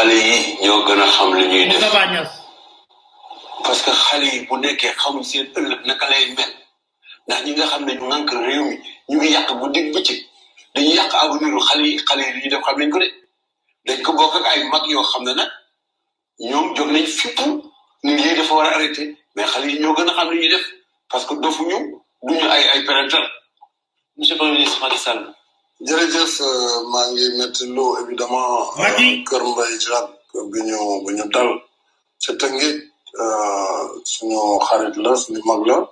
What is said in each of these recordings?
xale yi ñoo gën a xam li ñuy def parce que xale yi bu nekkee xamul seen ëllëg naka lay mel ndax ñi nga xam ne ñu nànk réew mi ñu ngi yàq bu dig bëccëg dañuy yàq avenir xale yi xale yi li ñuy def xam nañ ko de dañ ko bokk ak ay mag yoo xam ne nag ñoom jóg nañ fippu ni lii dafa war a arrêté mais xale yi ñoo gën a xam li ñuy def parce que dofuñu duñu ay ay parental monsieur le premier jërëjëf euh, maa ngi métti lu évidemment euh, kër Mbaye Diagne kër gu ñu gu ñu dal ca Tëngéej euh, suñu xarit la suñu mag la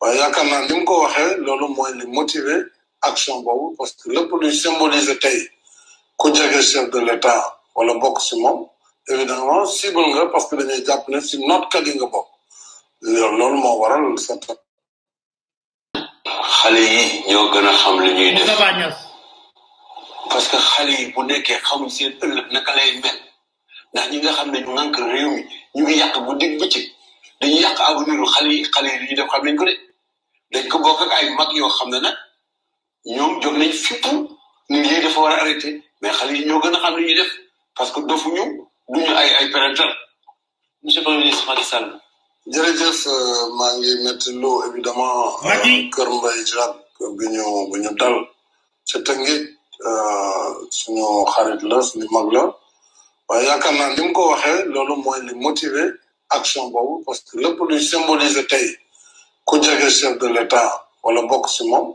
waaye yaakaar naa ni mu ko waxee loolu mooy li motivé action boobu parce que lépp luy symbolisé tey ku jege chef de l'État wala bokk si moom évidemment cible nga parce que dañuy jàpp ne si nootkat yi nga bokk loolu moo waral sa xale yi ñoo gën a xam li ñuy def parce que xale yi bu nekkee xamuñ seen ëllëg naka lay ndax ñi nga xam ne ñu nànk réew mi ñu ngi yàq bu dégg bëccëg ci yàq avenir xale yi xale yi ñu def xam nañ ko de dañ ko bokk ak xam ne nag ñoom jóg nañ fippu ni lii dafa war a arrêté mais yi ñoo gën a xam li ñuy def parce que dofuñu ay ay parental monsieur le ministre Macky euh, maa ngi métti lu évidemment. Euh, kër Mbaye Diagne. bu ñu dal. ca suñu xarit la suñu mag la waaye yaakaar naa ni mu ko waxee loolu mooy li motiver action boobu parce que lépp luy symboliser tey ku jege chef de l'État wala bokk si moom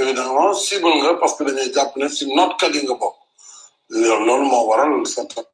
évidemment cible nga parce que dañuy jàpp ne si nootkat yi nga bokk loolu moo waral certain